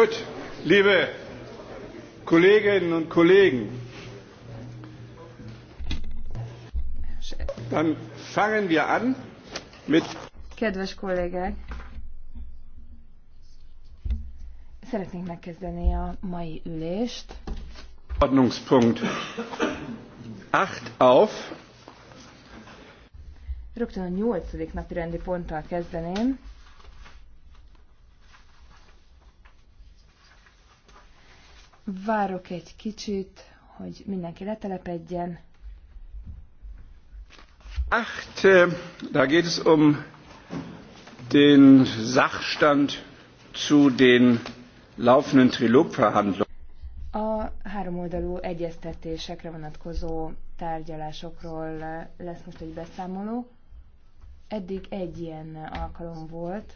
Gut, liebe Kolleginnen und Kollegen, dann fangen wir an mit. Kedves kollégák! Szeretnénk megkezdeni a mai ülést. Ordnungspunkt 8 auf. Rögtön a nyolcadik napi rendi ponttal kezdeném. Várok egy kicsit, hogy mindenki letelepedjen. Acht, äh, da geht es um den Sachstand zu den laufenden Trilogverhandlungen. A háromoldalú egyeztetésekre vonatkozó tárgyalásokról äh, lesz most egy beszámoló. Eddig egy ilyen alkalom volt.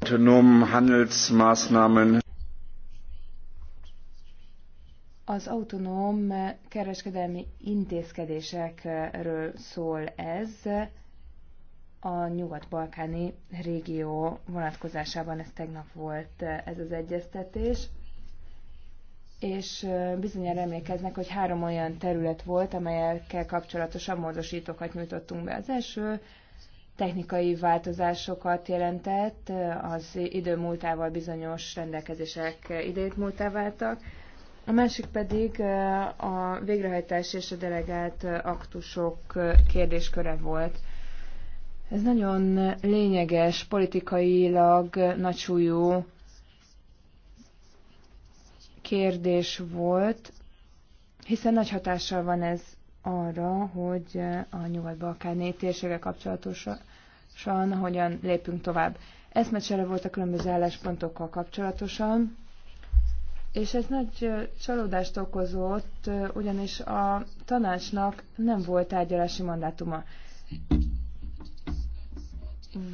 Autonomen Handelsmaßnahmen az autonóm kereskedelmi intézkedésekről szól ez a nyugat-balkáni régió vonatkozásában ez tegnap volt ez az egyeztetés, és bizonyára emlékeznek, hogy három olyan terület volt, amelyekkel kapcsolatosan módosítókat nyújtottunk be. Az első technikai változásokat jelentett, az idő múltával bizonyos rendelkezések idejét múltá váltak, a másik pedig eh, a végrehajtás és a delegált eh, aktusok eh, kérdésköre volt. Ez nagyon lényeges, politikailag súlyú kérdés volt, hiszen nagy hatással van ez arra, hogy a nyugat-balkáni térsége kapcsolatosan hogyan lépünk tovább. Eszmecsere volt a különböző álláspontokkal kapcsolatosan, és ez nagy csalódást okozott, ugyanis a tanácsnak nem volt tárgyalási mandátuma.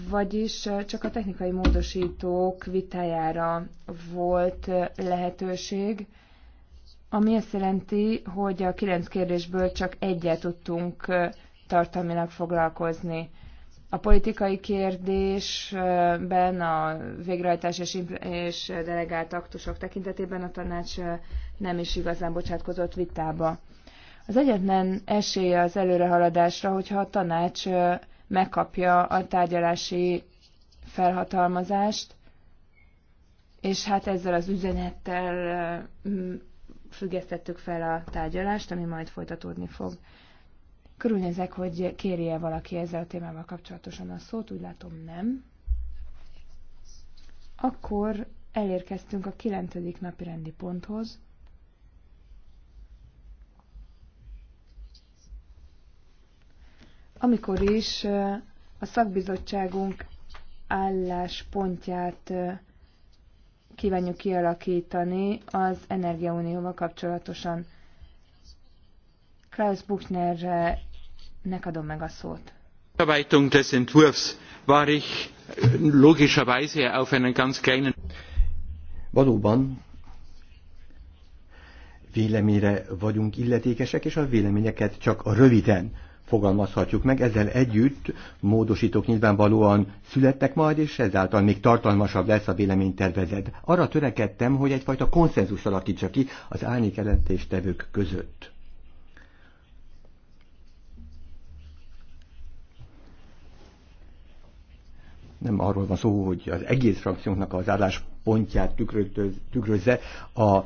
Vagyis csak a technikai módosítók vitájára volt lehetőség, ami azt jelenti, hogy a kilenc kérdésből csak egyet tudtunk tartalmilag foglalkozni. A politikai kérdésben a végrehajtás és delegált aktusok tekintetében a tanács nem is igazán bocsátkozott vitába. Az egyetlen esélye az előrehaladásra, hogyha a tanács megkapja a tárgyalási felhatalmazást, és hát ezzel az üzenettel mm, függesztettük fel a tárgyalást, ami majd folytatódni fog. Körülnézek, hogy kérje valaki ezzel a témával kapcsolatosan a szót, úgy látom nem. Akkor elérkeztünk a kilencedik napi rendi ponthoz. Amikor is a szakbizottságunk álláspontját kívánjuk kialakítani az Energiaunióval kapcsolatosan. Klaus Buchner nek adom meg a szót. Äh, Valóban véleményre vagyunk illetékesek, és a véleményeket csak a röviden fogalmazhatjuk meg. Ezzel együtt módosítók nyilvánvalóan születtek majd, és ezáltal még tartalmasabb lesz a véleménytervezet. Arra törekedtem, hogy egyfajta konszenzus alakítsa ki az árnyék jelentéstevők között. nem arról van szó, hogy az egész frakciónknak az álláspontját tükrözze a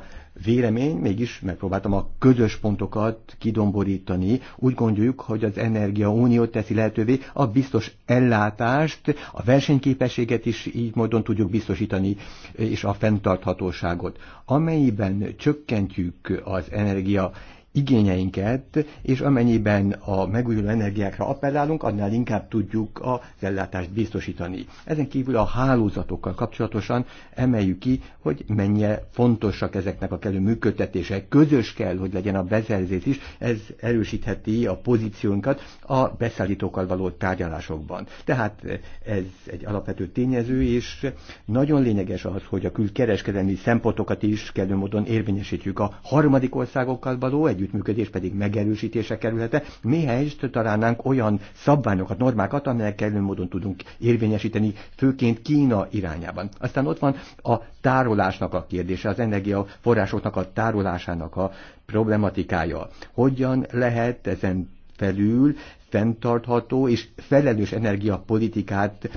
vélemény, mégis megpróbáltam a közös pontokat kidomborítani. Úgy gondoljuk, hogy az Energia Unió teszi lehetővé a biztos ellátást, a versenyképességet is így módon tudjuk biztosítani, és a fenntarthatóságot. Amennyiben csökkentjük az energia igényeinket, és amennyiben a megújuló energiákra appellálunk, annál inkább tudjuk az ellátást biztosítani. Ezen kívül a hálózatokkal kapcsolatosan emeljük ki, hogy mennyire fontosak ezeknek a kellő működtetése. Közös kell, hogy legyen a beszerzés is, ez erősítheti a pozíciónkat a beszállítókkal való tárgyalásokban. Tehát ez egy alapvető tényező, és nagyon lényeges az, hogy a külkereskedelmi szempontokat is kellő módon érvényesítjük a harmadik országokkal való együtt együttműködés pedig megerősítése kerülhetne, mihelyest találnánk olyan szabványokat, normákat, amelyek kellő módon tudunk érvényesíteni, főként Kína irányában. Aztán ott van a tárolásnak a kérdése, az energiaforrásoknak a tárolásának a problematikája. Hogyan lehet ezen felül fenntartható és felelős energiapolitikát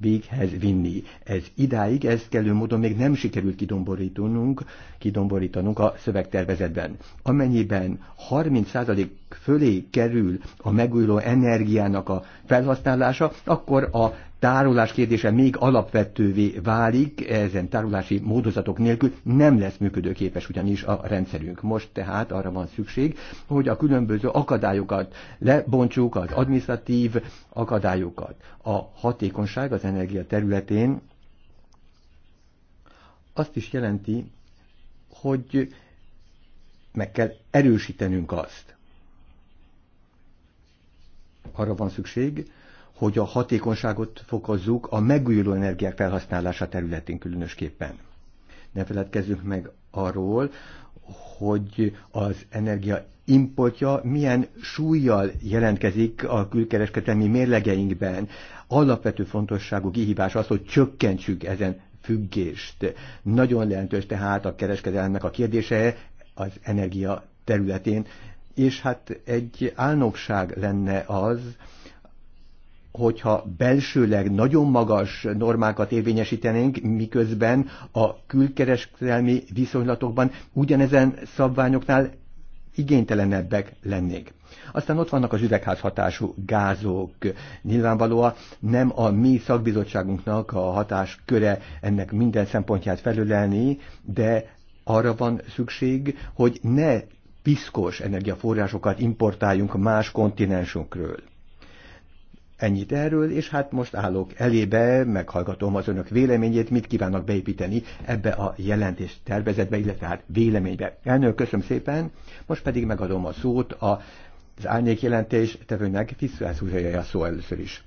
véghez vinni. Ez idáig, ez kellő módon még nem sikerült kidomborítanunk, kidomborítanunk a szövegtervezetben. Amennyiben 30% fölé kerül a megújuló energiának a felhasználása, akkor a tárolás kérdése még alapvetővé válik, ezen tárolási módozatok nélkül nem lesz működőképes ugyanis a rendszerünk. Most tehát arra van szükség, hogy a különböző akadályokat lebontsuk, az administratív akadályokat. A hatékonyság az energia területén azt is jelenti, hogy meg kell erősítenünk azt. Arra van szükség, hogy a hatékonyságot fokozzuk a megújuló energiák felhasználása területén különösképpen. Ne feledkezzünk meg arról, hogy az energia importja milyen súlyjal jelentkezik a külkereskedelmi mérlegeinkben. Alapvető fontosságú kihívás az, hogy csökkentsük ezen függést. Nagyon jelentős tehát a kereskedelmek a kérdése az energia területén, és hát egy álnokság lenne az, hogyha belsőleg nagyon magas normákat érvényesítenénk, miközben a külkereskedelmi viszonylatokban ugyanezen szabványoknál igénytelenebbek lennék. Aztán ott vannak az üvegházhatású gázok. Nyilvánvalóan nem a mi szakbizottságunknak a hatásköre ennek minden szempontját felülelni, de arra van szükség, hogy ne piszkos energiaforrásokat importáljunk más kontinensünkről. Ennyit erről, és hát most állok elébe, meghallgatom az önök véleményét, mit kívánnak beépíteni ebbe a jelentés tervezetbe, illetve hát véleménybe. Elnök, köszönöm szépen, most pedig megadom a szót a az árnyék jelentés tevőnek Fiszvász a szó először is.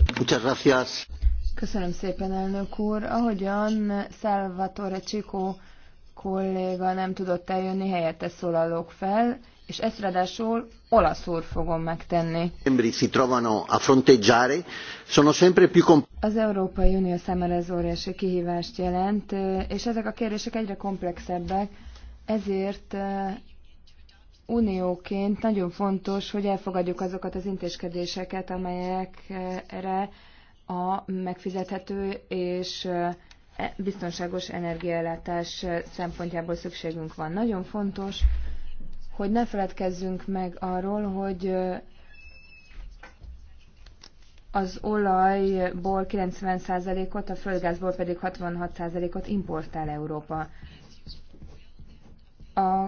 Köszönöm szépen, elnök úr. Ahogyan Salvatore Csikó kolléga nem tudott eljönni, helyette szólalok fel és ezt ráadásul olaszul fogom megtenni. Az Európai Unió számára ez óriási kihívást jelent, és ezek a kérdések egyre komplexebbek, ezért eh, unióként nagyon fontos, hogy elfogadjuk azokat az intézkedéseket, amelyekre a megfizethető és eh, biztonságos energiaellátás eh, szempontjából szükségünk van. Nagyon fontos, hogy ne feledkezzünk meg arról, hogy az olajból 90%-ot, a földgázból pedig 66%-ot importál Európa. A,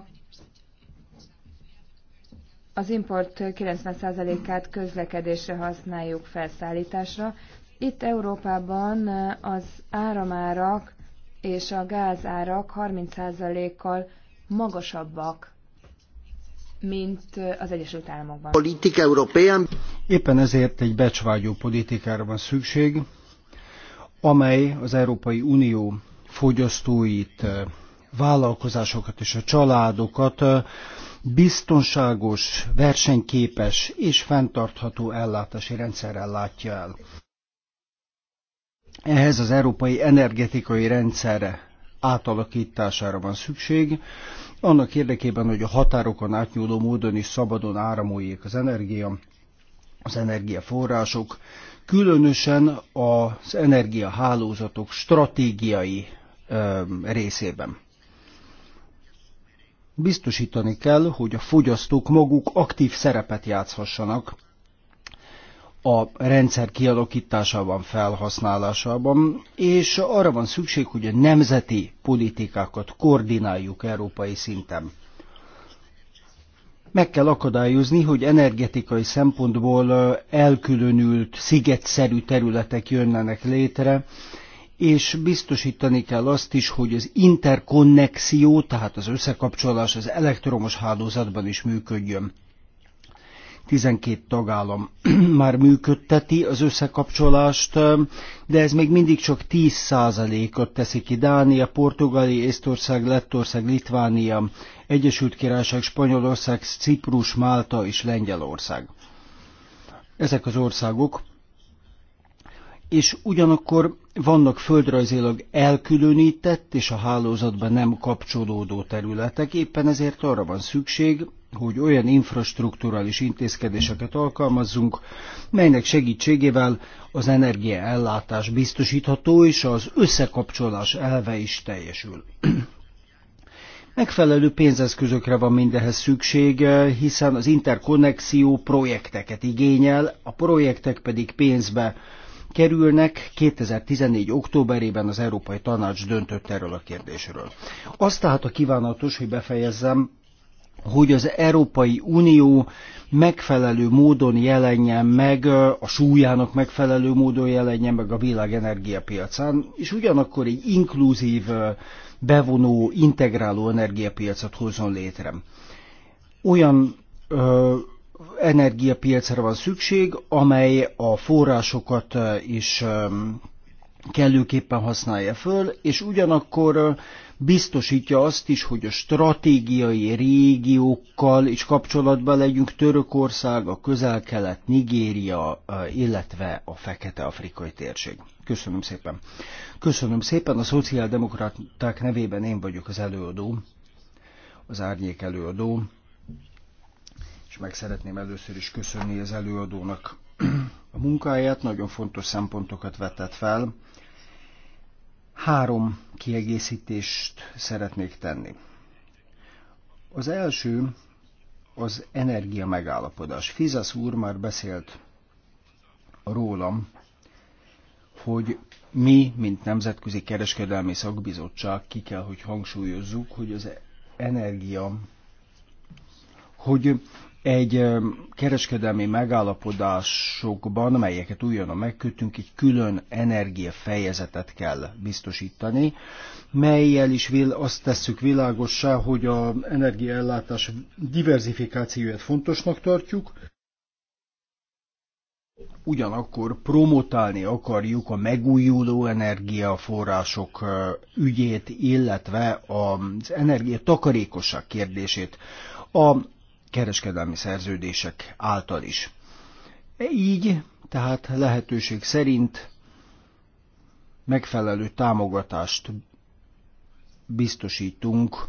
az import 90%-át közlekedésre használjuk felszállításra. Itt Európában az áramárak és a gázárak 30%-kal magasabbak mint az Egyesült Államokban. Politika Európán. Éppen ezért egy becsvágyó politikára van szükség, amely az Európai Unió fogyasztóit, vállalkozásokat és a családokat biztonságos, versenyképes és fenntartható ellátási rendszerrel látja el. Ehhez az európai energetikai rendszerre átalakítására van szükség, annak érdekében, hogy a határokon átnyúló módon is szabadon áramoljék az energia, az energiaforrások, különösen az energiahálózatok stratégiai ö, részében. Biztosítani kell, hogy a fogyasztók maguk aktív szerepet játszhassanak a rendszer kialakításában, felhasználásában, és arra van szükség, hogy a nemzeti politikákat koordináljuk európai szinten. Meg kell akadályozni, hogy energetikai szempontból elkülönült, szigetszerű területek jönnenek létre, és biztosítani kell azt is, hogy az interkonnexió, tehát az összekapcsolás az elektromos hálózatban is működjön. 12 tagállam már működteti az összekapcsolást, de ez még mindig csak 10%-ot teszi ki Dánia, Portugália, Észtország, Lettország, Litvánia, Egyesült Királyság, Spanyolország, Ciprus, Málta és Lengyelország. Ezek az országok és ugyanakkor vannak földrajzilag elkülönített és a hálózatban nem kapcsolódó területek, éppen ezért arra van szükség, hogy olyan infrastruktúrális intézkedéseket alkalmazzunk, melynek segítségével az energiaellátás biztosítható és az összekapcsolás elve is teljesül. Megfelelő pénzeszközökre van mindehez szükség, hiszen az interkonnexió projekteket igényel, a projektek pedig pénzbe kerülnek. 2014. októberében az Európai Tanács döntött erről a kérdésről. Azt tehát a kívánatos, hogy befejezzem, hogy az Európai Unió megfelelő módon jelenjen meg, a súlyának megfelelő módon jelenjen meg a világ energiapiacán, és ugyanakkor egy inkluzív, bevonó, integráló energiapiacot hozzon létre. Olyan ö, energiapiacra van szükség, amely a forrásokat is ö, kellőképpen használja föl, és ugyanakkor biztosítja azt is, hogy a stratégiai régiókkal is kapcsolatban legyünk Törökország, a közel-kelet, Nigéria, illetve a Fekete-Afrikai térség. Köszönöm szépen. Köszönöm szépen, a szociáldemokraták nevében én vagyok az előadó, az árnyék előadó, és meg szeretném először is köszönni az előadónak a munkáját, nagyon fontos szempontokat vetett fel, Három kiegészítést szeretnék tenni. Az első az energia megállapodás. Fizasz úr már beszélt rólam, hogy mi, mint Nemzetközi Kereskedelmi Szakbizottság ki kell, hogy hangsúlyozzuk, hogy az energia, hogy egy kereskedelmi megállapodásokban, melyeket újonnan megkötünk, egy külön energiafejezetet kell biztosítani, melyel is azt tesszük világossá, hogy a energiaellátás diversifikációját fontosnak tartjuk, ugyanakkor promotálni akarjuk a megújuló energiaforrások ügyét, illetve az energia takarékosság kérdését. A kereskedelmi szerződések által is. Így, tehát lehetőség szerint megfelelő támogatást biztosítunk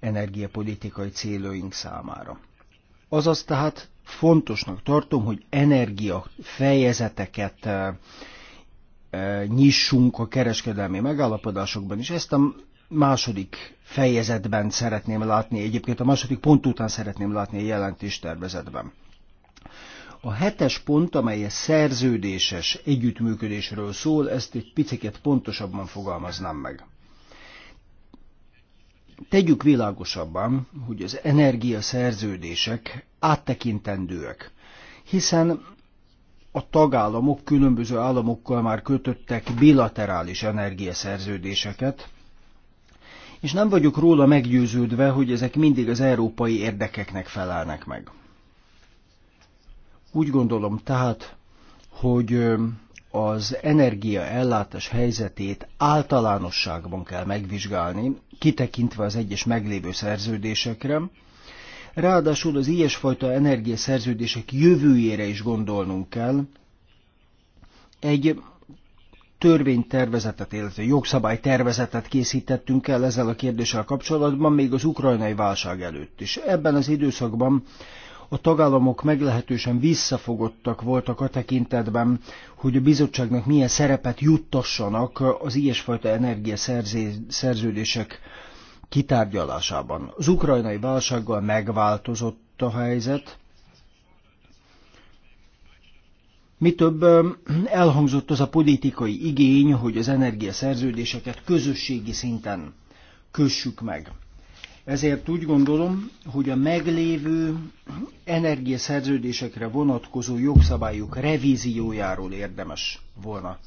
energiapolitikai céloink számára. Azaz tehát fontosnak tartom, hogy energia fejezeteket E, nyissunk a kereskedelmi megállapodásokban is. Ezt a második fejezetben szeretném látni, egyébként a második pont után szeretném látni a jelentéstervezetben. A hetes pont, amely a szerződéses együttműködésről szól, ezt egy picit pontosabban fogalmaznám meg. Tegyük világosabban, hogy az energiaszerződések áttekintendőek, hiszen a tagállamok különböző államokkal már kötöttek bilaterális energiaszerződéseket, és nem vagyok róla meggyőződve, hogy ezek mindig az európai érdekeknek felelnek meg. Úgy gondolom tehát, hogy az energiaellátás helyzetét általánosságban kell megvizsgálni, kitekintve az egyes meglévő szerződésekre, Ráadásul az ilyesfajta energiaszerződések jövőjére is gondolnunk kell. Egy törvénytervezetet, illetve jogszabálytervezetet készítettünk el ezzel a kérdéssel kapcsolatban, még az ukrajnai válság előtt is. Ebben az időszakban a tagállamok meglehetősen visszafogottak voltak a tekintetben, hogy a bizottságnak milyen szerepet juttassanak az ilyesfajta energiaszerződések kitárgyalásában. Az ukrajnai válsággal megváltozott a helyzet, Mi több elhangzott az a politikai igény, hogy az energiaszerződéseket közösségi szinten kössük meg. Ezért úgy gondolom, hogy a meglévő energiaszerződésekre vonatkozó jogszabályok revíziójáról érdemes volna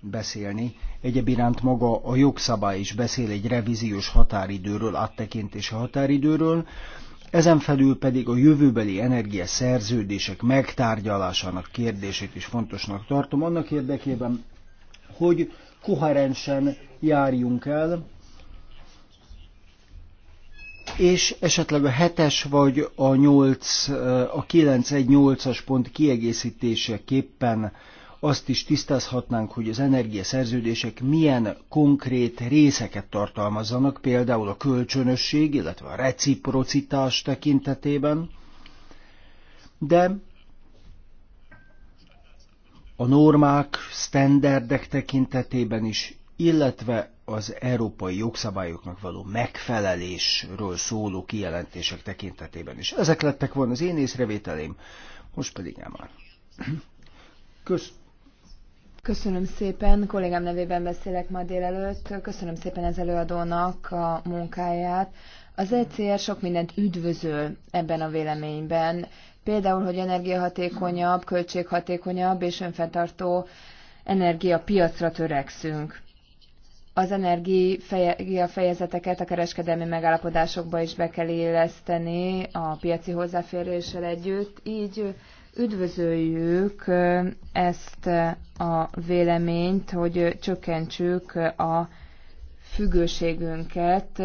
beszélni. Egyéb iránt maga a jogszabály is beszél egy revíziós határidőről, áttekintési határidőről, ezen felül pedig a jövőbeli energiaszerződések megtárgyalásának kérdését is fontosnak tartom, annak érdekében, hogy koherensen járjunk el, és esetleg a 7-es vagy a a 9-1-8-as pont kiegészítéseképpen azt is tisztázhatnánk, hogy az energiaszerződések milyen konkrét részeket tartalmazzanak, például a kölcsönösség, illetve a reciprocitás tekintetében, de a normák, sztenderdek tekintetében is, illetve az európai jogszabályoknak való megfelelésről szóló kijelentések tekintetében is. Ezek lettek volna az én észrevételém, most pedig nem már. Kösz, Köszönöm szépen, kollégám nevében beszélek ma délelőtt. Köszönöm szépen az előadónak a munkáját. Az ECR sok mindent üdvözöl ebben a véleményben. Például, hogy energiahatékonyabb, költséghatékonyabb és önfenntartó energiapiacra törekszünk. Az energiafejezeteket a kereskedelmi megállapodásokba is be kell illeszteni a piaci hozzáféréssel együtt, így Üdvözöljük ezt a véleményt, hogy csökkentsük a függőségünket.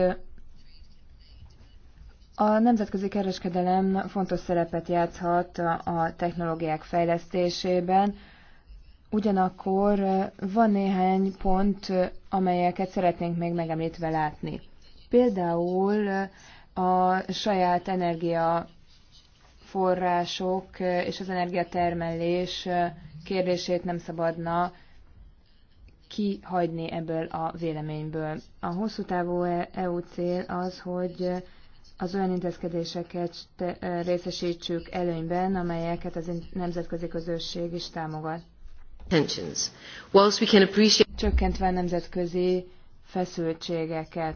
A nemzetközi kereskedelem fontos szerepet játszhat a technológiák fejlesztésében, ugyanakkor van néhány pont, amelyeket szeretnénk még megemlítve látni. Például a saját energia energiaforrások és az energiatermelés kérdését nem szabadna kihagyni ebből a véleményből. A hosszú távú EU cél az, hogy az olyan intézkedéseket részesítsük előnyben, amelyeket az nemzetközi közösség is támogat. Csökkentve a nemzetközi feszültségeket.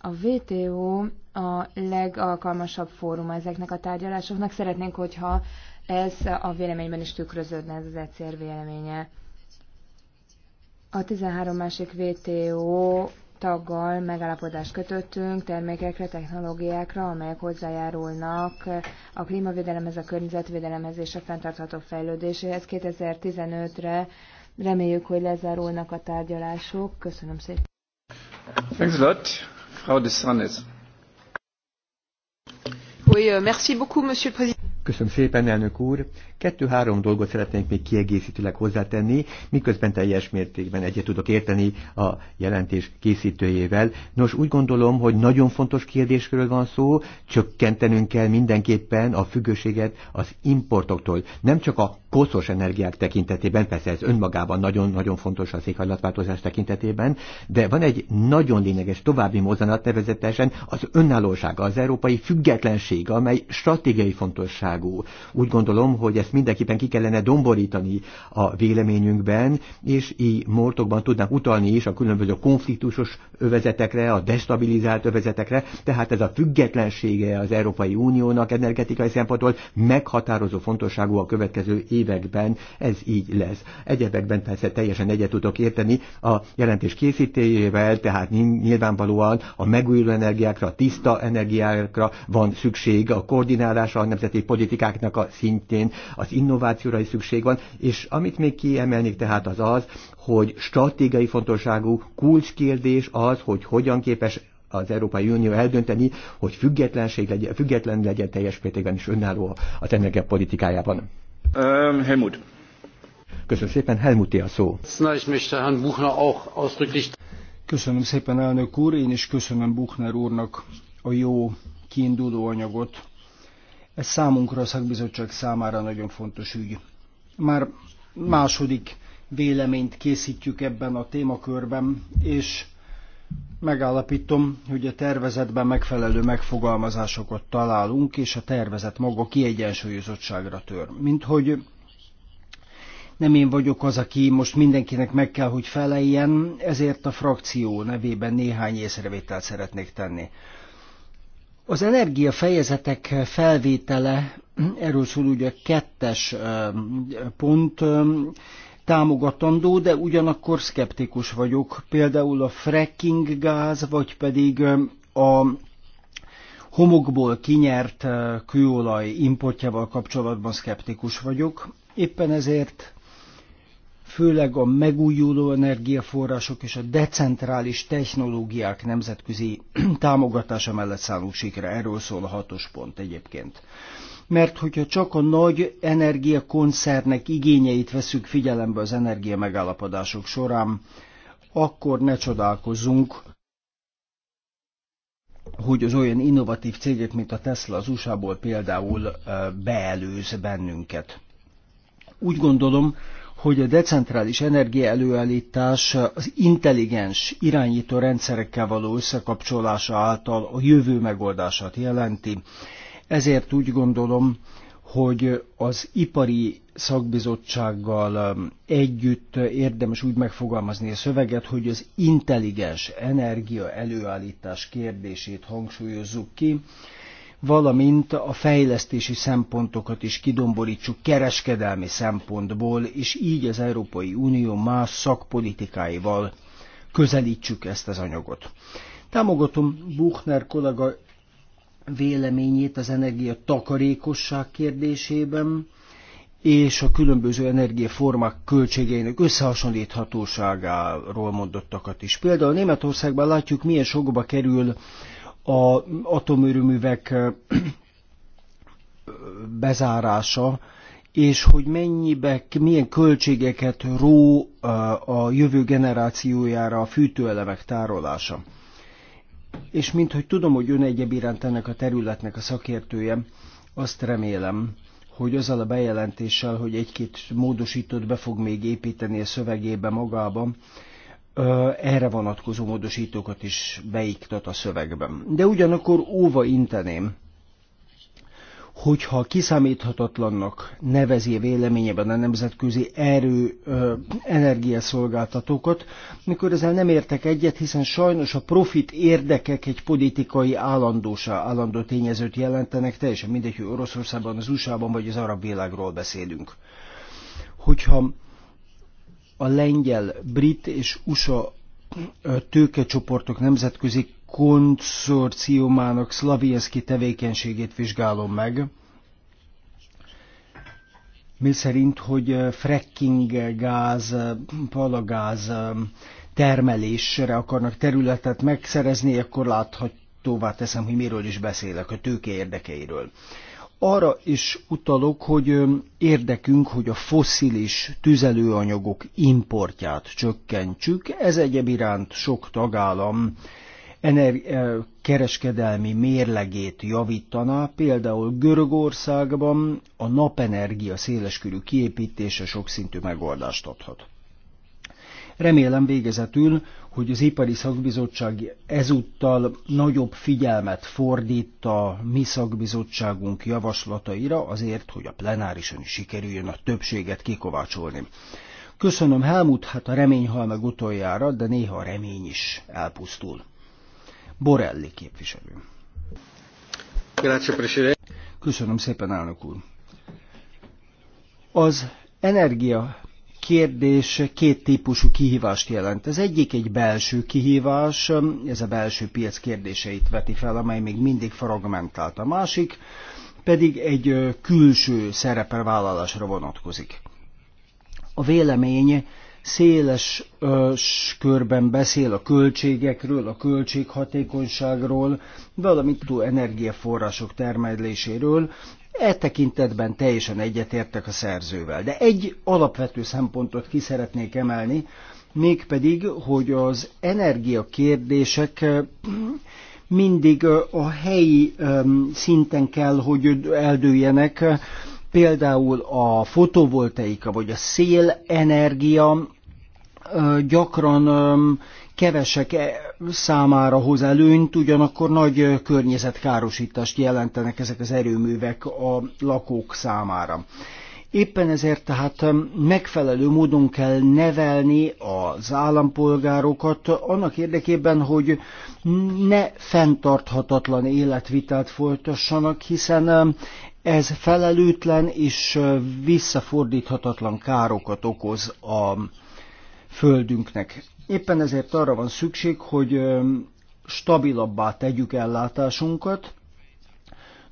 A WTO a legalkalmasabb fórum ezeknek a tárgyalásoknak. Szeretnénk, hogyha ez a véleményben is tükröződne, ez az ECR véleménye. A 13 másik WTO taggal megállapodást kötöttünk termékekre, technológiákra, amelyek hozzájárulnak a klímavédelemhez, a környezetvédelemhez és a fenntartható fejlődéséhez. 2015-re reméljük, hogy lezárulnak a tárgyalások. Köszönöm szépen. Thanks a lot. Euh, Köszönöm szépen, elnök úr. Kettő-három dolgot szeretnénk még kiegészítőleg hozzátenni, miközben teljes mértékben egyet tudok érteni a jelentés készítőjével. Nos, úgy gondolom, hogy nagyon fontos kérdésről van szó, csökkentenünk kell mindenképpen a függőséget az importoktól. Nem csak a koszos energiák tekintetében, persze ez önmagában nagyon-nagyon fontos az éghajlatváltozás tekintetében, de van egy nagyon lényeges további mozzanat nevezetesen az önállósága, az európai függetlenség, amely stratégiai fontosságú. Úgy gondolom, hogy ezt mindenképpen ki kellene domborítani a véleményünkben, és így mortokban tudnánk utalni is a különböző konfliktusos övezetekre, a destabilizált övezetekre, tehát ez a függetlensége az Európai Uniónak energetikai szempontból meghatározó fontosságú a következő években ez így lesz. Egyebekben persze teljesen egyet tudok érteni a jelentés készítéjével, tehát nyilvánvalóan a megújuló energiákra, a tiszta energiákra van szükség, a koordinálásra, a nemzeti politikáknak a szintjén, az innovációra is szükség van, és amit még kiemelnék tehát az az, hogy stratégiai fontosságú kulcskérdés az, hogy hogyan képes az Európai Unió eldönteni, hogy függetlenség legyen, független legyen teljes mértékben is önálló az energiapolitikájában. Ähm, Helmut. Köszönöm szépen, Helmut a szó. Köszönöm szépen, elnök úr, én is köszönöm Buchner úrnak a jó kiinduló anyagot. Ez számunkra, a szakbizottság számára nagyon fontos ügy. Már második véleményt készítjük ebben a témakörben, és Megállapítom, hogy a tervezetben megfelelő megfogalmazásokat találunk, és a tervezet maga kiegyensúlyozottságra tör. Mint hogy nem én vagyok az, aki most mindenkinek meg kell, hogy feleljen, ezért a frakció nevében néhány észrevételt szeretnék tenni. Az energia fejezetek felvétele, erről szól ugye a kettes pont, támogatandó, de ugyanakkor szkeptikus vagyok. Például a fracking gáz, vagy pedig a homokból kinyert kőolaj importjával kapcsolatban szkeptikus vagyok. Éppen ezért főleg a megújuló energiaforrások és a decentrális technológiák nemzetközi támogatása mellett szállunk sikre. Erről szól a hatos pont egyébként mert hogyha csak a nagy energiakoncernek igényeit veszük figyelembe az energia megállapodások során, akkor ne csodálkozzunk, hogy az olyan innovatív cégek, mint a Tesla az USA-ból például beelőz bennünket. Úgy gondolom, hogy a decentrális energiaelőállítás az intelligens irányító rendszerekkel való összekapcsolása által a jövő megoldását jelenti, ezért úgy gondolom, hogy az ipari szakbizottsággal um, együtt érdemes úgy megfogalmazni a szöveget, hogy az intelligens energia előállítás kérdését hangsúlyozzuk ki, valamint a fejlesztési szempontokat is kidomborítsuk kereskedelmi szempontból, és így az Európai Unió más szakpolitikáival közelítsük ezt az anyagot. Támogatom Buchner kollega véleményét az energia takarékosság kérdésében és a különböző energiaformák költségeinek összehasonlíthatóságáról mondottakat is. Például Németországban látjuk, milyen sokba kerül a atomőrűművek bezárása, és hogy mennyibe, milyen költségeket ró a jövő generációjára a fűtőelemek tárolása és mint hogy tudom, hogy ön egyéb iránt ennek a területnek a szakértője, azt remélem, hogy azzal a bejelentéssel, hogy egy-két módosítót be fog még építeni a szövegébe magában, erre vonatkozó módosítókat is beiktat a szövegben. De ugyanakkor óva inteném, hogyha kiszámíthatatlannak nevezi véleményében a nemzetközi erő energiaszolgáltatókat, mikor ezzel nem értek egyet, hiszen sajnos a profit érdekek egy politikai állandósa, állandó tényezőt jelentenek, teljesen mindegy, hogy Oroszországban, az USA-ban vagy az arab világról beszélünk. Hogyha a lengyel, brit és USA tőkecsoportok nemzetközi konszorciumának Szlavijeszki tevékenységét vizsgálom meg, mi szerint, hogy eh, fracking gáz, eh, palagáz eh, termelésre akarnak területet megszerezni, akkor láthatóvá teszem, hogy miről is beszélek, a tőke érdekeiről. Arra is utalok, hogy érdekünk, hogy a fosszilis tüzelőanyagok importját csökkentsük. Ez egyéb iránt sok tagállam kereskedelmi mérlegét javítaná, például Görögországban a napenergia széleskörű kiépítése sokszintű megoldást adhat. Remélem végezetül, hogy az Ipari Szakbizottság ezúttal nagyobb figyelmet fordít a mi szakbizottságunk javaslataira azért, hogy a plenárison is sikerüljön a többséget kikovácsolni. Köszönöm Helmut, hát a remény hal meg utoljára, de néha a remény is elpusztul. Borelli képviselő. Köszönöm szépen, elnök úr. Az energia kérdés két típusú kihívást jelent. Az egyik egy belső kihívás, ez a belső piac kérdéseit veti fel, amely még mindig fragmentált. A másik pedig egy külső szerepelvállalásra vonatkozik. A vélemény széles ö, körben beszél a költségekről, a költséghatékonyságról, valamint túl energiaforrások termeléséről. E tekintetben teljesen egyetértek a szerzővel. De egy alapvető szempontot ki szeretnék emelni, mégpedig, hogy az energiakérdések mindig a helyi szinten kell, hogy eldőljenek. Például a fotovoltaika vagy a szélenergia gyakran kevesek e, számára hoz előnyt, ugyanakkor nagy környezetkárosítást jelentenek ezek az erőművek a lakók számára. Éppen ezért tehát megfelelő módon kell nevelni az állampolgárokat annak érdekében, hogy ne fenntarthatatlan életvitát folytassanak, hiszen ez felelőtlen és visszafordíthatatlan károkat okoz a földünknek. Éppen ezért arra van szükség, hogy stabilabbá tegyük ellátásunkat.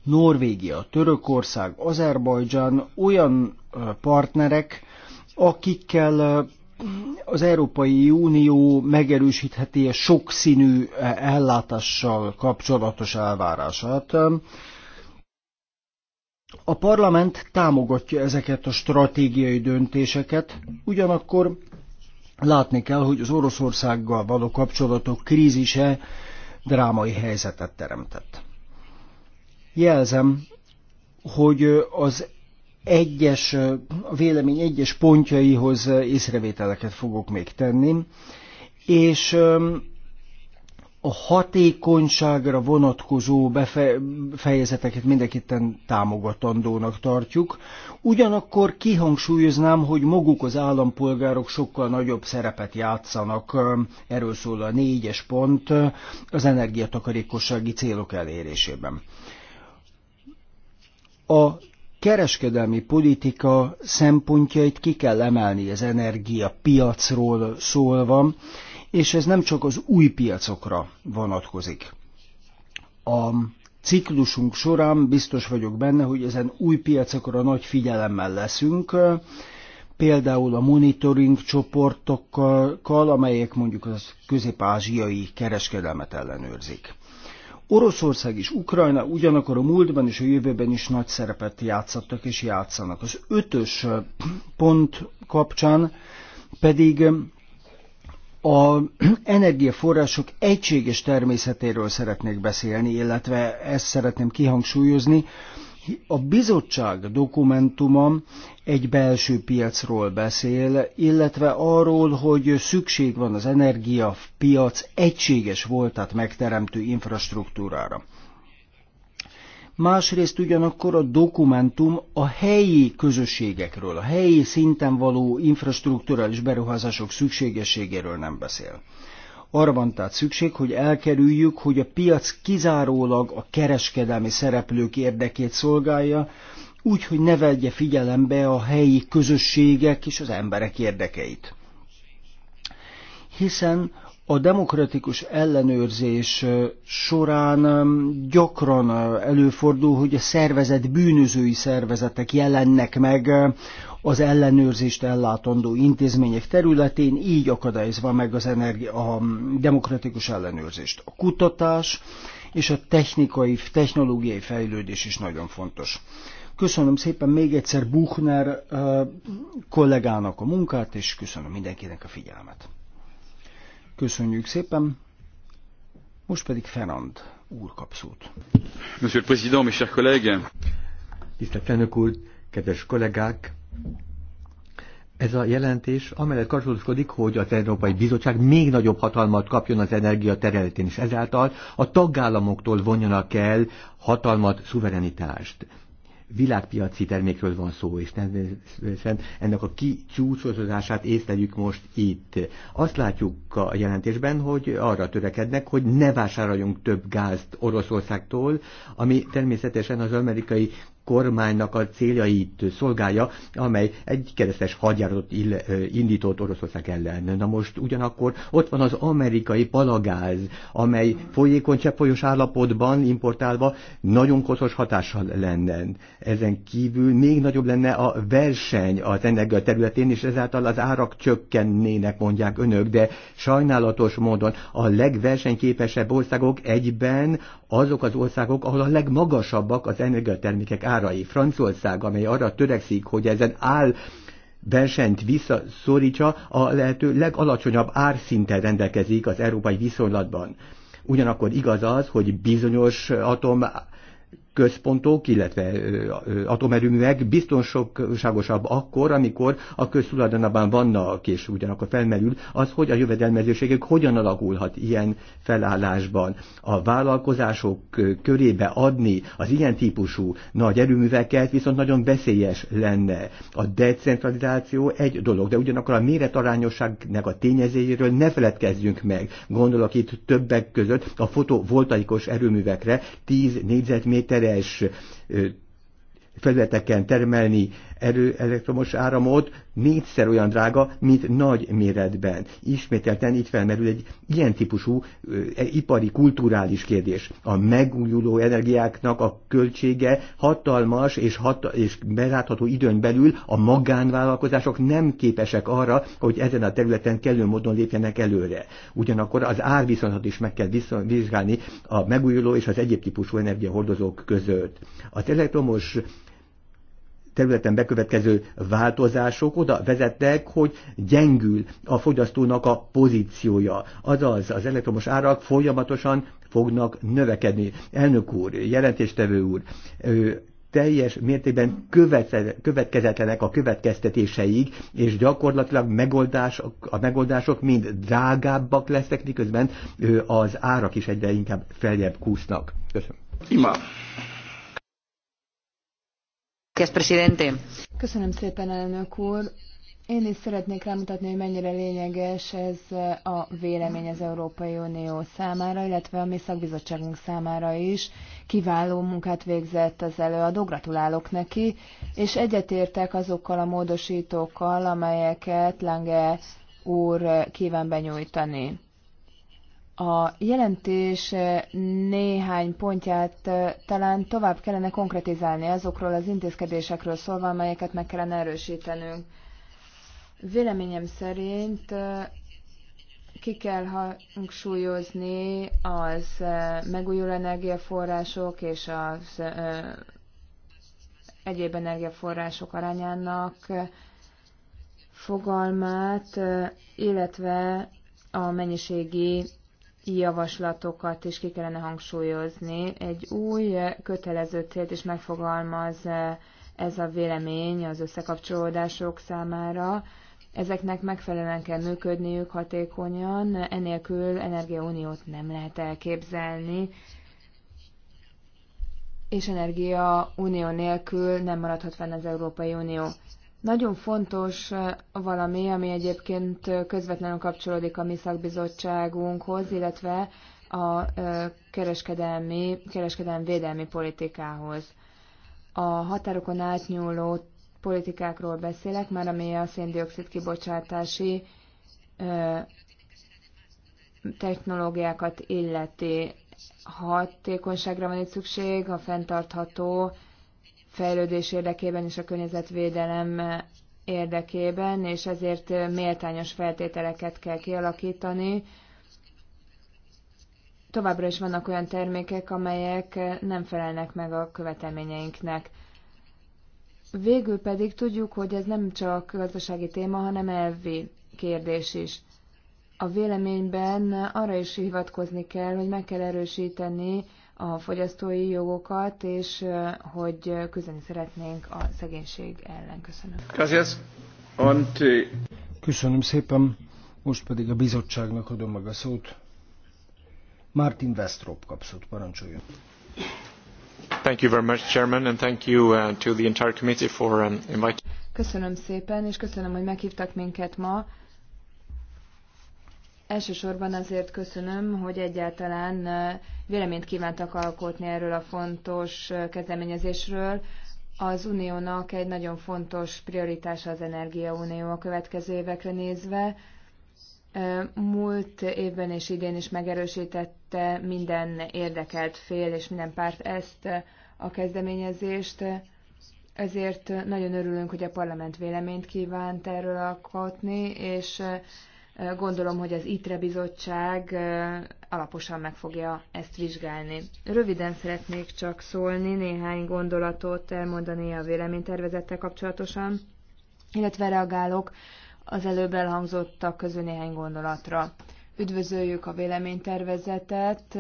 Norvégia, Törökország, Azerbajdzsán olyan partnerek, akikkel az Európai Unió megerősítheti a sokszínű ellátással kapcsolatos elvárását. A parlament támogatja ezeket a stratégiai döntéseket, ugyanakkor Látni kell, hogy az Oroszországgal való kapcsolatok krízise drámai helyzetet teremtett. Jelzem, hogy az egyes, a vélemény egyes pontjaihoz észrevételeket fogok még tenni, és a hatékonyságra vonatkozó befe- mindenképpen támogatandónak tartjuk. Ugyanakkor kihangsúlyoznám, hogy maguk az állampolgárok sokkal nagyobb szerepet játszanak, erről szól a négyes pont, az energiatakarékossági célok elérésében. A kereskedelmi politika szempontjait ki kell emelni az energiapiacról szólva, és ez nem csak az új piacokra vonatkozik. A ciklusunk során biztos vagyok benne, hogy ezen új piacokra nagy figyelemmel leszünk, például a monitoring csoportokkal, amelyek mondjuk az közép-ázsiai kereskedelmet ellenőrzik. Oroszország és Ukrajna ugyanakkor a múltban és a jövőben is nagy szerepet játszottak és játszanak. Az ötös pont kapcsán pedig a energiaforrások egységes természetéről szeretnék beszélni, illetve ezt szeretném kihangsúlyozni. A bizottság dokumentuma egy belső piacról beszél, illetve arról, hogy szükség van az energiapiac egységes voltát megteremtő infrastruktúrára másrészt ugyanakkor a dokumentum a helyi közösségekről, a helyi szinten való infrastruktúrális beruházások szükségességéről nem beszél. Arra van tehát szükség, hogy elkerüljük, hogy a piac kizárólag a kereskedelmi szereplők érdekét szolgálja, úgy, hogy ne vegye figyelembe a helyi közösségek és az emberek érdekeit. Hiszen a demokratikus ellenőrzés során gyakran előfordul, hogy a szervezet bűnözői szervezetek jelennek meg az ellenőrzést ellátandó intézmények területén, így akadályozva meg az energi- a demokratikus ellenőrzést. A kutatás és a technikai, technológiai fejlődés is nagyon fontos. Köszönöm szépen még egyszer Buchner kollégának a munkát, és köszönöm mindenkinek a figyelmet. Köszönjük szépen. Most pedig Ferrand úr kap szót. Monsieur le Président, mes chers collègues. Tisztelt elnök úr, kedves kollégák! Ez a jelentés amellett kapcsolódik, hogy az Európai Bizottság még nagyobb hatalmat kapjon az energia területén, és ezáltal a tagállamoktól vonjanak el hatalmat, szuverenitást világpiaci termékről van szó, és természetesen ennek a kicsúcsosodását észleljük most itt. Azt látjuk a jelentésben, hogy arra törekednek, hogy ne vásároljunk több gázt Oroszországtól, ami természetesen az amerikai kormánynak a céljait szolgálja, amely egy keresztes hadjáratot indított Oroszország ellen. Na most ugyanakkor ott van az amerikai palagáz, amely folyékony cseppfolyós állapotban importálva nagyon koszos hatással lenne. Ezen kívül még nagyobb lenne a verseny az energia területén, és ezáltal az árak csökkennének, mondják önök, de sajnálatos módon a legversenyképesebb országok egyben azok az országok, ahol a legmagasabbak az energiatermékek árai. Franciaország, amely arra törekszik, hogy ezen áll versenyt visszaszorítsa, a lehető legalacsonyabb árszinten rendelkezik az európai viszonylatban. Ugyanakkor igaz az, hogy bizonyos atom központok, illetve atomerőművek biztonságosabb akkor, amikor a köztulajdonában vannak, és ugyanakkor felmerül az, hogy a jövedelmezőségük hogyan alakulhat ilyen felállásban. A vállalkozások körébe adni az ilyen típusú nagy erőműveket viszont nagyon veszélyes lenne. A decentralizáció egy dolog, de ugyanakkor a méretarányosságnak a tényezéről ne feledkezzünk meg. Gondolok itt többek között a fotovoltaikos erőművekre 10 négyzetméter terhes felületeken termelni erő elektromos áramot négyszer olyan drága, mint nagy méretben. Ismételten itt felmerül egy ilyen típusú e, ipari kulturális kérdés. A megújuló energiáknak a költsége hatalmas és, hat és belátható időn belül a magánvállalkozások nem képesek arra, hogy ezen a területen kellő módon lépjenek előre. Ugyanakkor az árviszonyat is meg kell vizsgálni a megújuló és az egyéb típusú energiahordozók között. Az elektromos területen bekövetkező változások oda vezetnek, hogy gyengül a fogyasztónak a pozíciója. Azaz az elektromos árak folyamatosan fognak növekedni. Elnök úr, jelentéstevő úr, teljes mértékben következetlenek a következtetéseig, és gyakorlatilag megoldások, a megoldások mind drágábbak lesznek, miközben az árak is egyre inkább feljebb kúsznak. Köszönöm. Ima. Köszönöm szépen, elnök úr. Én is szeretnék rámutatni, hogy mennyire lényeges ez a vélemény az Európai Unió számára, illetve a mi szakbizottságunk számára is. Kiváló munkát végzett az előadó, gratulálok neki, és egyetértek azokkal a módosítókkal, amelyeket Lange úr kíván benyújtani. A jelentés eh, néhány pontját eh, talán tovább kellene konkretizálni azokról az intézkedésekről szólva, amelyeket meg kellene erősítenünk. Véleményem szerint eh, ki kell hangsúlyozni az megújuló energiaforrások és az egyéb energiaforrások arányának fogalmát, illetve a mennyiségi javaslatokat is ki kellene hangsúlyozni. Egy új kötelező célt is megfogalmaz eh, ez a vélemény az összekapcsolódások számára. Ezeknek megfelelően kell működniük hatékonyan, enélkül energiauniót nem lehet elképzelni, és energiaunió nélkül nem maradhat fenn az Európai Unió. Nagyon fontos valami, ami egyébként közvetlenül kapcsolódik a mi szakbizottságunkhoz, illetve a kereskedelmi, kereskedelmi védelmi politikához. A határokon átnyúló politikákról beszélek, már ami a széndiokszid kibocsátási technológiákat illeti. Hatékonyságra van itt szükség, a fenntartható fejlődés érdekében és a környezetvédelem érdekében, és ezért méltányos feltételeket kell kialakítani. Továbbra is vannak olyan termékek, amelyek nem felelnek meg a követelményeinknek. Végül pedig tudjuk, hogy ez nem csak gazdasági téma, hanem elvi kérdés is. A véleményben arra is hivatkozni kell, hogy meg kell erősíteni a fogyasztói jogokat, és hogy küzdeni szeretnénk a szegénység ellen. Köszönöm. Köszönöm, Köszönöm szépen. Most pedig a bizottságnak adom meg a szót. Martin Westrop kapszott, parancsoljon. Thank you very much, Chairman, and thank you uh, to the entire committee for um, inviting. Köszönöm szépen, és köszönöm, hogy meghívtak minket ma. Elsősorban azért köszönöm, hogy egyáltalán véleményt kívántak alkotni erről a fontos kezdeményezésről. Az uniónak egy nagyon fontos prioritása az energiaunió a következő évekre nézve. Múlt évben és idén is megerősítette minden érdekelt fél és minden párt ezt a kezdeményezést. Ezért nagyon örülünk, hogy a parlament véleményt kívánt erről alkotni, és Gondolom, hogy az ITRE bizottság alaposan meg fogja ezt vizsgálni. Röviden szeretnék csak szólni, néhány gondolatot elmondani a véleménytervezettel kapcsolatosan, illetve reagálok az előbb elhangzottak közül néhány gondolatra. Üdvözöljük a véleménytervezetet,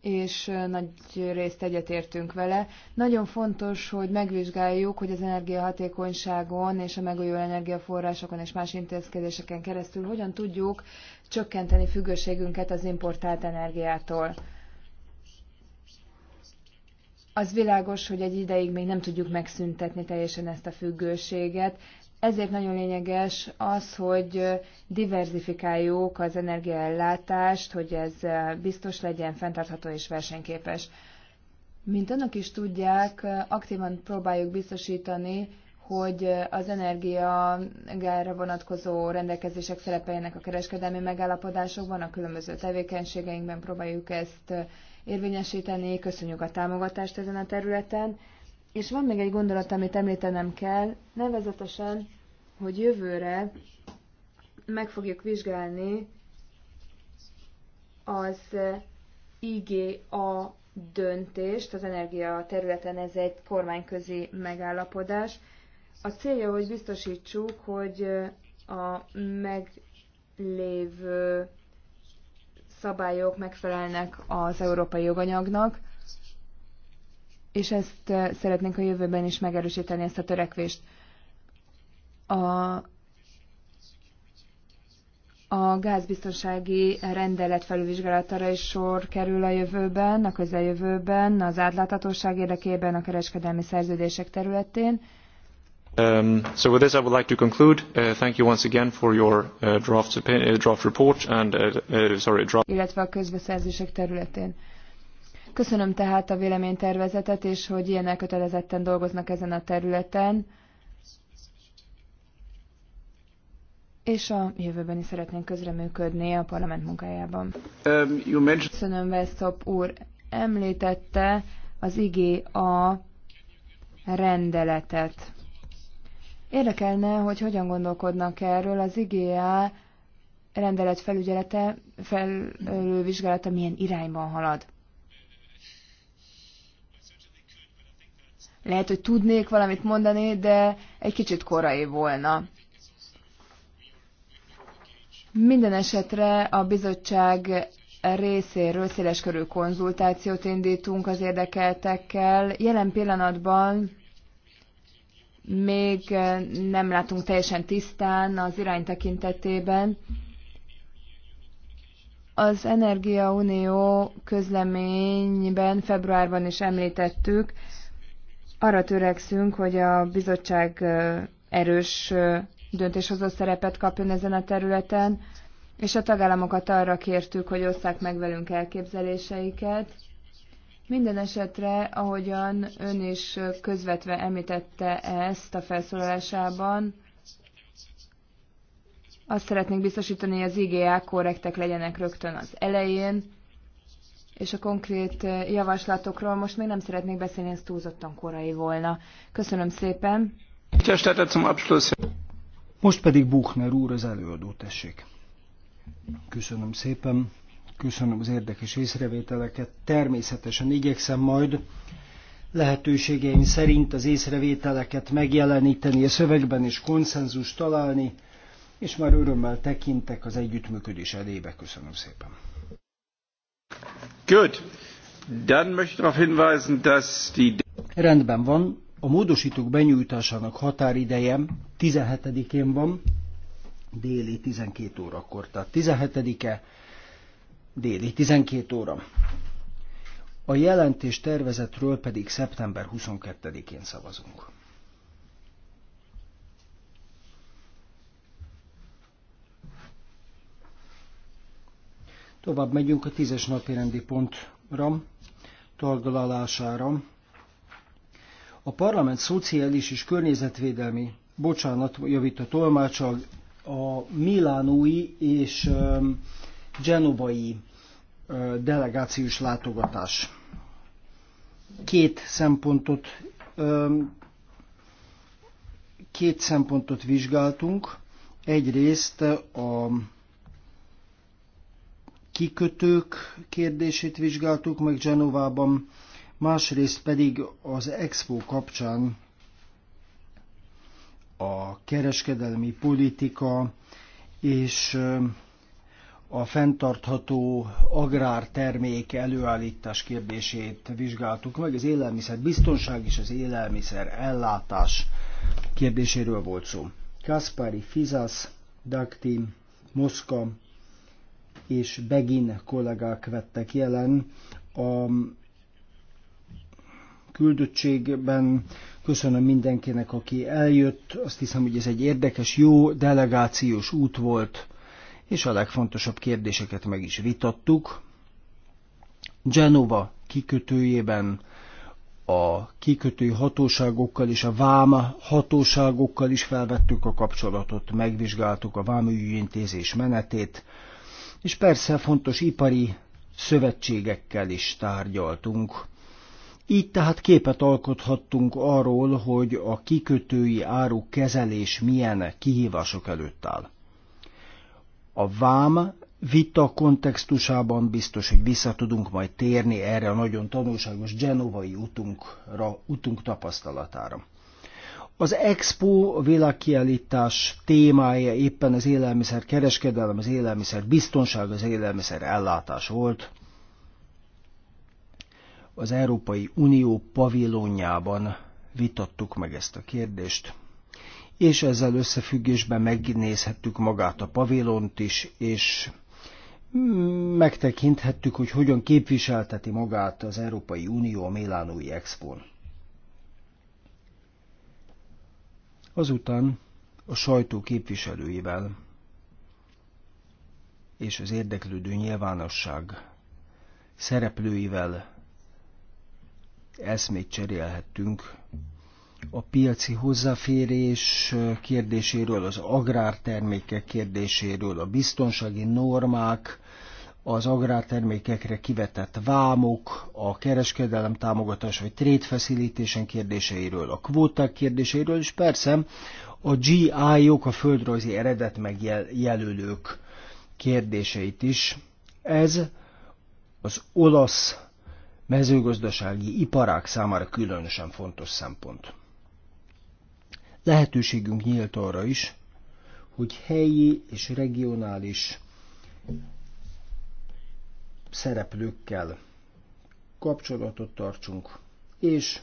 és nagy részt egyetértünk vele. Nagyon fontos, hogy megvizsgáljuk, hogy az energiahatékonyságon és a megújuló energiaforrásokon és más intézkedéseken keresztül hogyan tudjuk csökkenteni függőségünket az importált energiától. Az világos, hogy egy ideig még nem tudjuk megszüntetni teljesen ezt a függőséget, ezért nagyon lényeges az, hogy diverzifikáljuk az energiaellátást, hogy ez biztos legyen, fenntartható és versenyképes. Mint önök is tudják, aktívan próbáljuk biztosítani, hogy az energiagára vonatkozó rendelkezések szerepeljenek a kereskedelmi megállapodásokban, a különböző tevékenységeinkben próbáljuk ezt érvényesíteni. Köszönjük a támogatást ezen a területen. És van még egy gondolat, amit említenem kell, nevezetesen, hogy jövőre meg fogjuk vizsgálni az IGA döntést, az energia területen ez egy kormányközi megállapodás. A célja, hogy biztosítsuk, hogy a meglévő szabályok megfelelnek az európai joganyagnak, és ezt szeretnénk a jövőben is megerősíteni, ezt a törekvést. A, a gázbiztonsági rendelet felülvizsgálatára is sor kerül a jövőben, a közeljövőben, az átláthatóság érdekében a kereskedelmi szerződések területén. Um, so with this I would like to conclude. Uh, thank you once again for your uh, draft, uh, draft report and uh, uh, sorry draft. Illetve a közbeszerzések területén. Köszönöm tehát a véleménytervezetet, és hogy ilyen elkötelezetten dolgoznak ezen a területen. És a jövőben is szeretnénk közreműködni a parlament munkájában. Um, Köszönöm, Veszop úr. Említette az IGA rendeletet. Érdekelne, hogy hogyan gondolkodnak erről az IGA rendelet felügyelete, felülvizsgálata milyen irányban halad. Lehet, hogy tudnék valamit mondani, de egy kicsit korai volna. Minden esetre a bizottság részéről széleskörű konzultációt indítunk az érdekeltekkel. Jelen pillanatban még nem látunk teljesen tisztán az irány tekintetében. Az unió közleményben februárban is említettük, arra törekszünk, hogy a bizottság erős döntéshozó szerepet kapjon ezen a területen, és a tagállamokat arra kértük, hogy osszák meg velünk elképzeléseiket. Minden esetre, ahogyan ön is közvetve említette ezt a felszólalásában, azt szeretnénk biztosítani, hogy az IGA korrektek legyenek rögtön az elején, és a konkrét eh, javaslatokról most még nem szeretnék beszélni, ez túlzottan korai volna. Köszönöm szépen. Hát most pedig Buchner úr az előadó, tessék. Köszönöm szépen, köszönöm az érdekes észrevételeket. Természetesen igyekszem majd lehetőségeim szerint az észrevételeket megjeleníteni a szövegben és konszenzus találni, és már örömmel tekintek az együttműködés elébe. Köszönöm szépen. Good. Dann möchte ich Rendben van, a módosítók benyújtásának határideje 17-én van, déli 12 órakor, tehát 17-e déli 12 óra. A jelentés tervezetről pedig szeptember 22-én szavazunk. Tovább megyünk a tízes napi rendi pontra, tartalálására. A parlament szociális és környezetvédelmi, bocsánat, javít a tolmácsag, a milánói és genobai delegációs látogatás. Két szempontot két szempontot vizsgáltunk. Egyrészt a kikötők kérdését vizsgáltuk meg Genovában, másrészt pedig az Expo kapcsán a kereskedelmi politika és a fenntartható agrártermék előállítás kérdését vizsgáltuk meg. Az élelmiszer biztonság és az élelmiszer ellátás kérdéséről volt szó. Kaspari, Fizas, Dakti, Moszka, és Begin kollégák vettek jelen a küldöttségben. Köszönöm mindenkinek, aki eljött. Azt hiszem, hogy ez egy érdekes, jó delegációs út volt, és a legfontosabb kérdéseket meg is vitattuk. Genova kikötőjében a kikötői hatóságokkal és a vám hatóságokkal is felvettük a kapcsolatot, megvizsgáltuk a ügyintézés menetét, és persze fontos ipari szövetségekkel is tárgyaltunk. Így tehát képet alkothattunk arról, hogy a kikötői áru kezelés milyen kihívások előtt áll. A vám vita kontextusában biztos, hogy vissza tudunk majd térni erre a nagyon tanulságos genovai utunkra, utunk tapasztalatára. Az Expo világkiállítás témája éppen az élelmiszer kereskedelem, az élelmiszer biztonság, az élelmiszer ellátás volt. Az Európai Unió pavilonjában vitattuk meg ezt a kérdést, és ezzel összefüggésben megnézhettük magát a pavilont is, és megtekinthettük, hogy hogyan képviselteti magát az Európai Unió a Milánói Expon. Azután a sajtó képviselőivel és az érdeklődő nyilvánosság szereplőivel eszmét cserélhettünk a piaci hozzáférés kérdéséről, az agrártermékek kérdéséről, a biztonsági normák, az agrártermékekre kivetett vámok, a kereskedelem támogatás vagy trade facilitation kérdéseiről, a kvóták kérdéseiről, és persze a GI-ok, -ok, a földrajzi eredet megjelölők kérdéseit is. Ez az olasz mezőgazdasági iparák számára különösen fontos szempont. Lehetőségünk nyílt arra is, hogy helyi és regionális szereplőkkel kapcsolatot tartsunk, és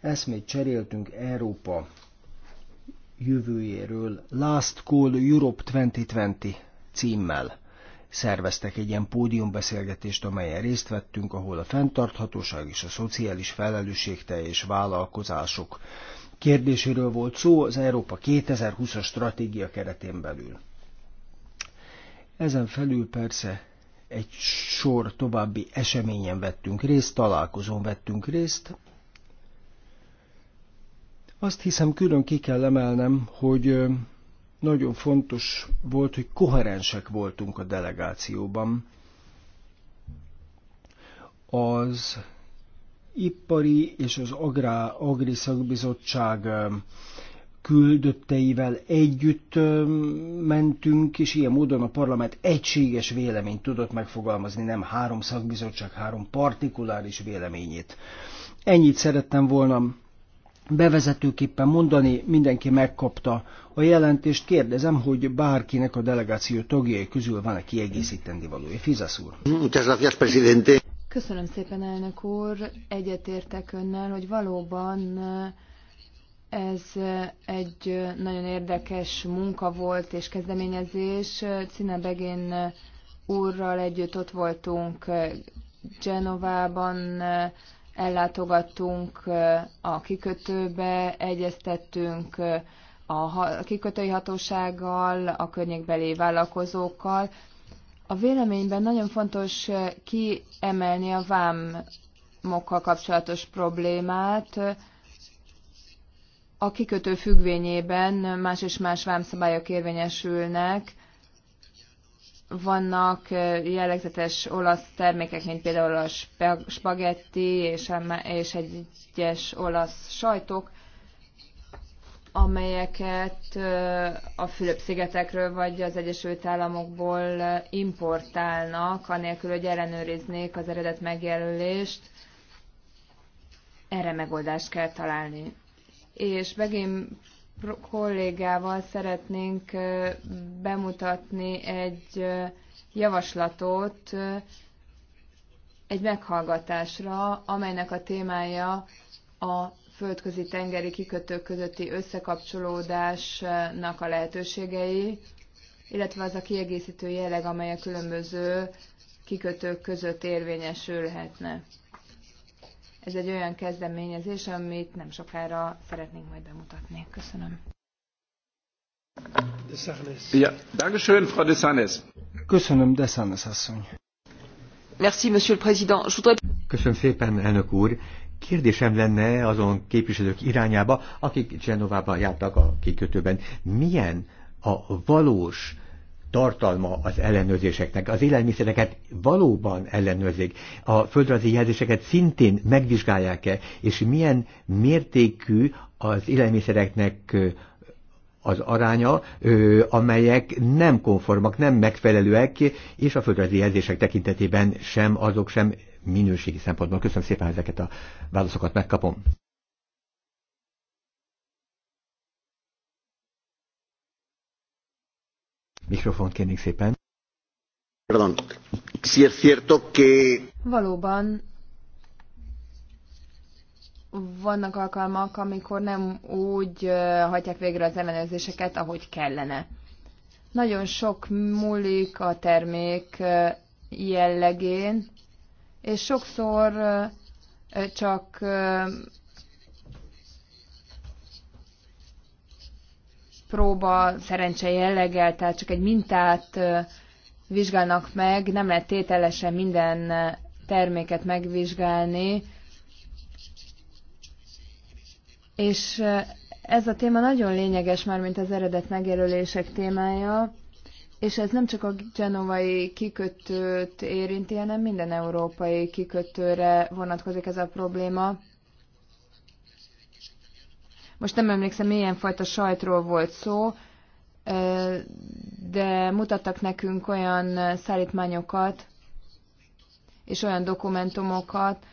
eszmét cseréltünk Európa jövőjéről Last Call Europe 2020 címmel. Szerveztek egy ilyen pódiumbeszélgetést, amelyen részt vettünk, ahol a fenntarthatóság és a szociális felelősségteljes vállalkozások kérdéséről volt szó az Európa 2020-as stratégia keretén belül. Ezen felül persze egy sor további eseményen vettünk részt, találkozón vettünk részt. Azt hiszem külön ki kell emelnem, hogy nagyon fontos volt, hogy koherensek voltunk a delegációban. Az ipari és az agrár, agri szakbizottság küldötteivel együtt mentünk, és ilyen módon a parlament egységes véleményt tudott megfogalmazni, nem három szakbizottság, három partikuláris véleményét. Ennyit szerettem volna bevezetőképpen mondani, mindenki megkapta a jelentést. Kérdezem, hogy bárkinek a delegáció tagjai közül van-e kiegészítendi valója. Fizasz úr. Köszönöm szépen, elnök úr. Egyetértek önnel, hogy valóban ez egy nagyon érdekes munka volt és kezdeményezés. Cine Begin úrral együtt ott voltunk Genovában, ellátogattunk a kikötőbe, egyeztettünk a kikötői hatósággal, a környékbeli vállalkozókkal. A véleményben nagyon fontos kiemelni a vámokkal kapcsolatos problémát, a kikötő függvényében más és más vámszabályok érvényesülnek, vannak eh, jellegzetes olasz termékek, mint például a spagetti és, és egyes olasz sajtok, amelyeket eh, a Fülöp-szigetekről vagy az Egyesült Államokból eh, importálnak, anélkül, hogy ellenőriznék az eredet megjelölést. Erre megoldást kell találni és megint kollégával szeretnénk bemutatni egy javaslatot egy meghallgatásra, amelynek a témája a földközi tengeri kikötők közötti összekapcsolódásnak a lehetőségei, illetve az a kiegészítő jelleg, amely a különböző kikötők között érvényesülhetne. Ez egy olyan kezdeményezés, amit nem sokára szeretnénk majd bemutatni. Köszönöm. Ja, Dankeschön, Frau Desanes. Köszönöm, Desanes asszony. Merci, Monsieur le Président. Je voudrais... Köszönöm szépen, elnök úr. Kérdésem lenne azon képviselők irányába, akik Genovába jártak a kikötőben. Milyen a valós tartalma az ellenőrzéseknek. Az élelmiszereket valóban ellenőrzik, a földrajzi jelzéseket szintén megvizsgálják-e, és milyen mértékű az élelmiszereknek az aránya, amelyek nem konformak, nem megfelelőek, és a földrajzi jelzések tekintetében sem azok sem minőségi szempontból. Köszönöm szépen, ezeket a válaszokat megkapom. kérnék szépen. Pardon. Si es cierto que... Valóban vannak alkalmak, amikor nem úgy hagyják végre az ellenőrzéseket, ahogy kellene. Nagyon sok múlik a termék jellegén, és sokszor csak próba szerencse jelleggel, tehát csak egy mintát vizsgálnak meg, nem lehet tételesen minden terméket megvizsgálni. És ez a téma nagyon lényeges már, mint az eredet megjelölések témája, és ez nem csak a genovai kikötőt érinti, hanem minden európai kikötőre vonatkozik ez a probléma. Most nem emlékszem, milyen fajta sajtról volt szó, de mutattak nekünk olyan szállítmányokat és olyan dokumentumokat,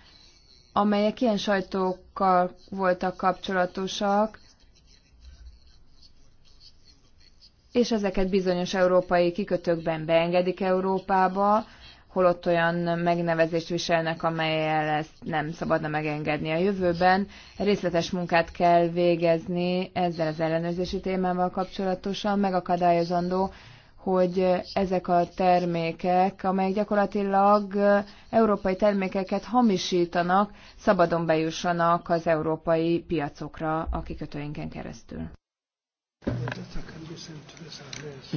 amelyek ilyen sajtókkal voltak kapcsolatosak, és ezeket bizonyos európai kikötőkben beengedik Európába, holott olyan megnevezést viselnek, amelyel ezt nem szabadna megengedni a jövőben. Részletes munkát kell végezni ezzel az ellenőrzési témával kapcsolatosan, megakadályozandó, hogy ezek a termékek, amelyek gyakorlatilag európai termékeket hamisítanak, szabadon bejussanak az európai piacokra a kikötőinken keresztül.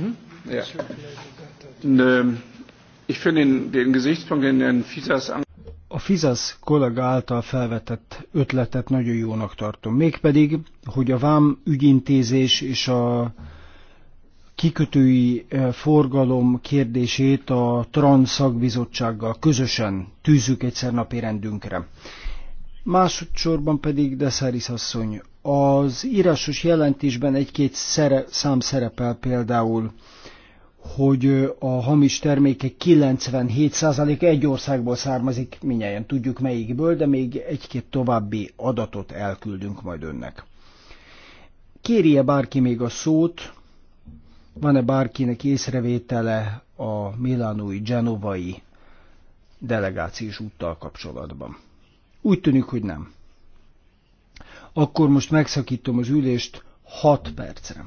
Mm-hmm. Yeah. Um, Ich finde den, den Gesichtspunkt, den Herrn Fisas a Fizasz kollega által felvetett ötletet nagyon jónak tartom. Mégpedig, hogy a vám ügyintézés és a kikötői eh, forgalom kérdését a TRANS szakbizottsággal közösen tűzzük egyszer napi rendünkre. Másodszorban pedig Deszáris asszony, az írásos jelentésben egy-két szere, szám szerepel például hogy a hamis termékek 97%-a egy országból származik, minnyáján tudjuk melyikből, de még egy-két további adatot elküldünk majd önnek. Kérje bárki még a szót, van-e bárkinek észrevétele a milánói genovai delegációs úttal kapcsolatban? Úgy tűnik, hogy nem. Akkor most megszakítom az ülést 6 percre.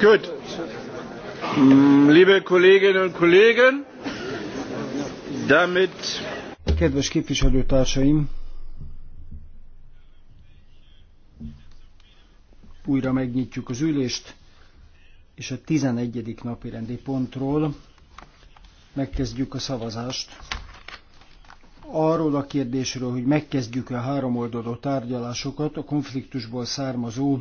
Gut. Mm, liebe Kolleginnen und Kollegen, damit. Kedves képviselőtársaim, újra megnyitjuk az ülést, és a 11. napi rendi pontról megkezdjük a szavazást arról a kérdésről, hogy megkezdjük e a háromoldalú tárgyalásokat a konfliktusból származó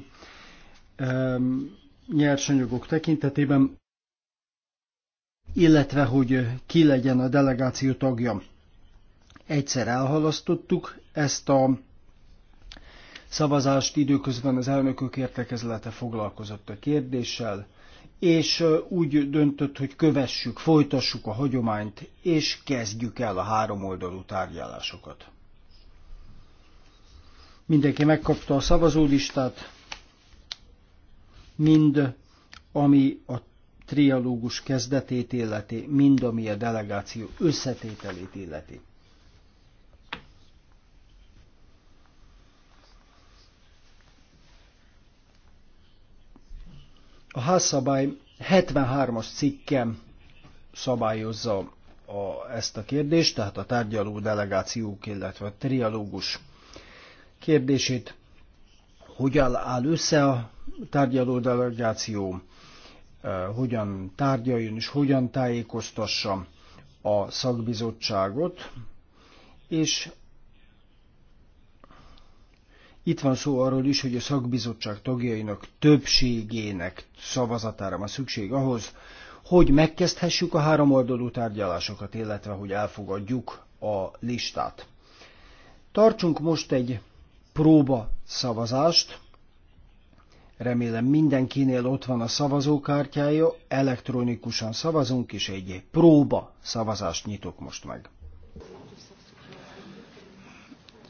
nyersanyagok tekintetében, illetve hogy ki legyen a delegáció tagja. Egyszer elhalasztottuk ezt a szavazást, időközben az elnökök értekezlete foglalkozott a kérdéssel, és úgy döntött, hogy kövessük, folytassuk a hagyományt, és kezdjük el a háromoldalú tárgyalásokat. Mindenki megkapta a szavazólistát, mind ami a trialógus kezdetét illeti, mind ami a delegáció összetételét illeti. A házszabály 73-as cikkem szabályozza a, ezt a kérdést, tehát a tárgyaló delegációk, illetve a trialógus kérdését, hogyan áll össze a tárgyaló delegáció, eh, hogyan tárgyaljon és hogyan tájékoztassa a szakbizottságot, és itt van szó arról is, hogy a szakbizottság tagjainak többségének szavazatára van szükség ahhoz, hogy megkezdhessük a háromoldalú tárgyalásokat, illetve hogy elfogadjuk a listát. Tartsunk most egy próba szavazást. Remélem mindenkinél ott van a szavazókártyája, elektronikusan szavazunk, és egy próba szavazást nyitok most meg.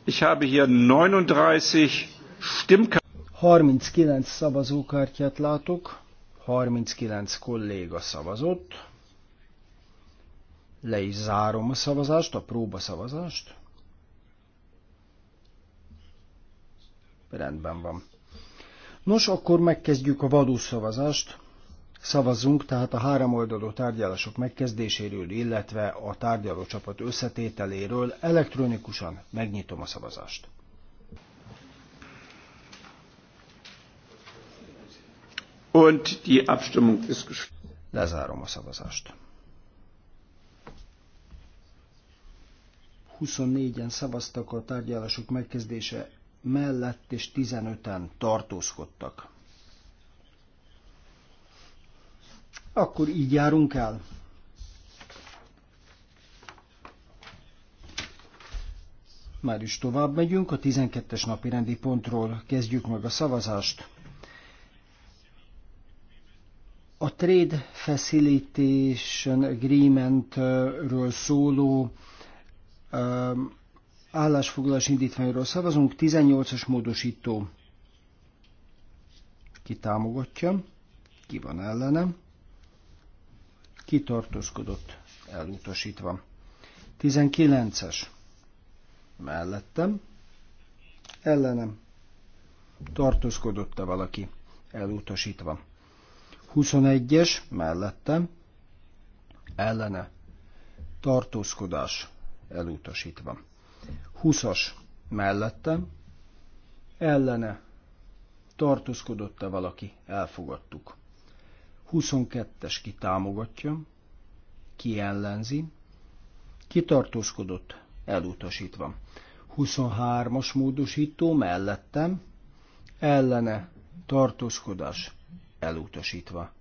Ich habe hier 39 Stimmkarten. 39 szavazókártyát látok, 39 kolléga szavazott. Le is zárom a szavazást, a próba szavazást. Rendben van. Nos, akkor megkezdjük a vadú szavazást. Szavazzunk tehát a háromoldalú tárgyalások megkezdéséről, illetve a tárgyalócsapat összetételéről. Elektronikusan megnyitom a szavazást. Und die Abstimmung ist Lezárom a szavazást. 24-en szavaztak a tárgyalások megkezdése mellett, és 15-en tartózkodtak. akkor így járunk el. Már is tovább megyünk, a 12-es napi rendi pontról kezdjük meg a szavazást. A Trade Facilitation Agreement-ről szóló um, állásfoglalás indítványról szavazunk, 18-as módosító. Ki támogatja, ki van ellenem kitartózkodott, elutasítva. 19-es mellettem, ellenem, tartózkodott-e valaki, elutasítva. 21-es mellettem, ellene, tartózkodás, elutasítva. 20-as mellettem, ellene, tartózkodott-e valaki, elfogadtuk. 22-es ki támogatja, ki ellenzi, ki tartózkodott, elutasítva. 23-as módosító mellettem, ellene, tartózkodás, elutasítva.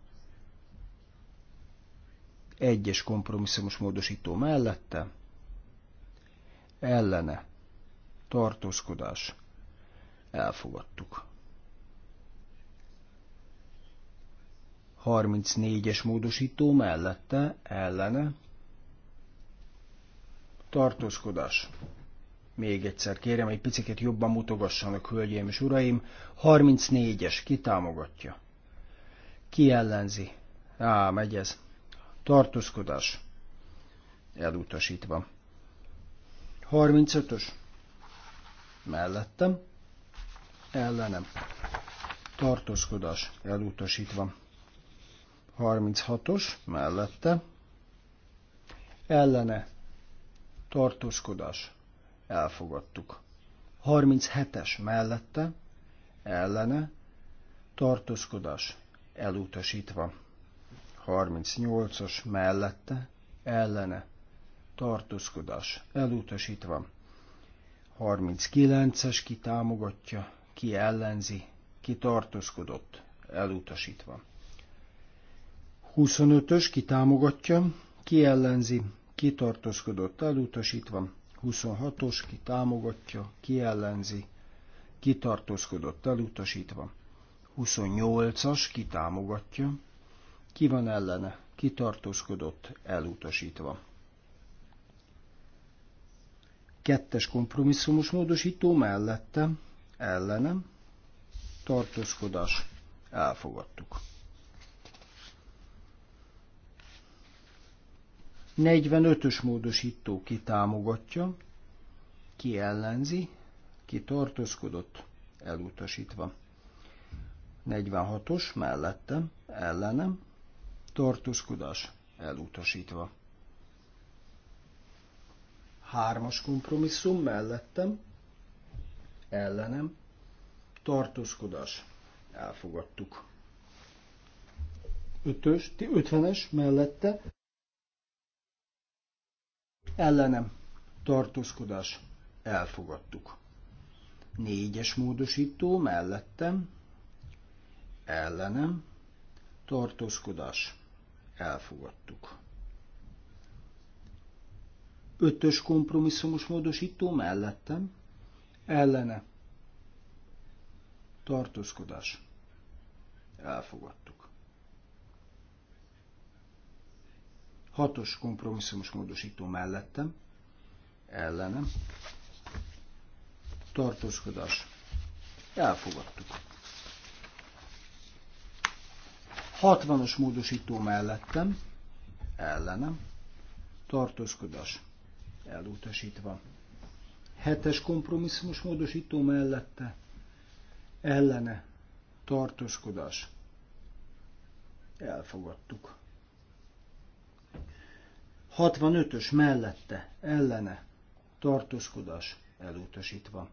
Egyes kompromisszumos módosító mellette, ellene, tartózkodás, elfogadtuk. 34-es módosító mellette ellene tartózkodás. Még egyszer kérem, egy picit jobban mutogassanak, hölgyeim és uraim. 34-es, ki támogatja? Ki ellenzi? Á, megy ez. Tartózkodás. Elutasítva. 35-ös. Mellettem. Ellenem. Tartózkodás. Elutasítva. 36-os mellette ellene tartózkodás elfogadtuk. 37-es mellette ellene tartózkodás elutasítva. 38-as mellette ellene tartózkodás elutasítva. 39-es ki támogatja, ki ellenzi, ki tartózkodott elutasítva. 25-ös ki támogatja, ki ellenzi, ki tartózkodott elutasítva. 26-os ki támogatja, ki ellenzi, ki tartózkodott elutasítva. 28-as ki támogatja, ki van ellene, ki tartózkodott elutasítva. Kettes kompromisszumos módosító mellette, ellenem, tartózkodás, elfogadtuk. 45-ös módosító ki támogatja, ki ellenzi, ki tartózkodott, elutasítva. 46-os mellettem, ellenem, tartózkodás, elutasítva. Hármas kompromisszum mellettem, ellenem, tartózkodás, elfogadtuk. 5-ös, 50-es mellette, ellenem tartózkodás elfogadtuk. Négyes módosító mellettem ellenem tartózkodás elfogadtuk. Ötös kompromisszumos módosító mellettem ellene tartózkodás elfogadtuk. Hatos kompromisszumos módosító mellettem, ellenem, tartózkodás, elfogadtuk. 60 os módosító mellettem, ellenem, tartózkodás, elutasítva. 7-es kompromisszumos módosító mellette, ellene, tartózkodás, elfogadtuk. 65-ös mellette, ellene, tartózkodás elutasítva.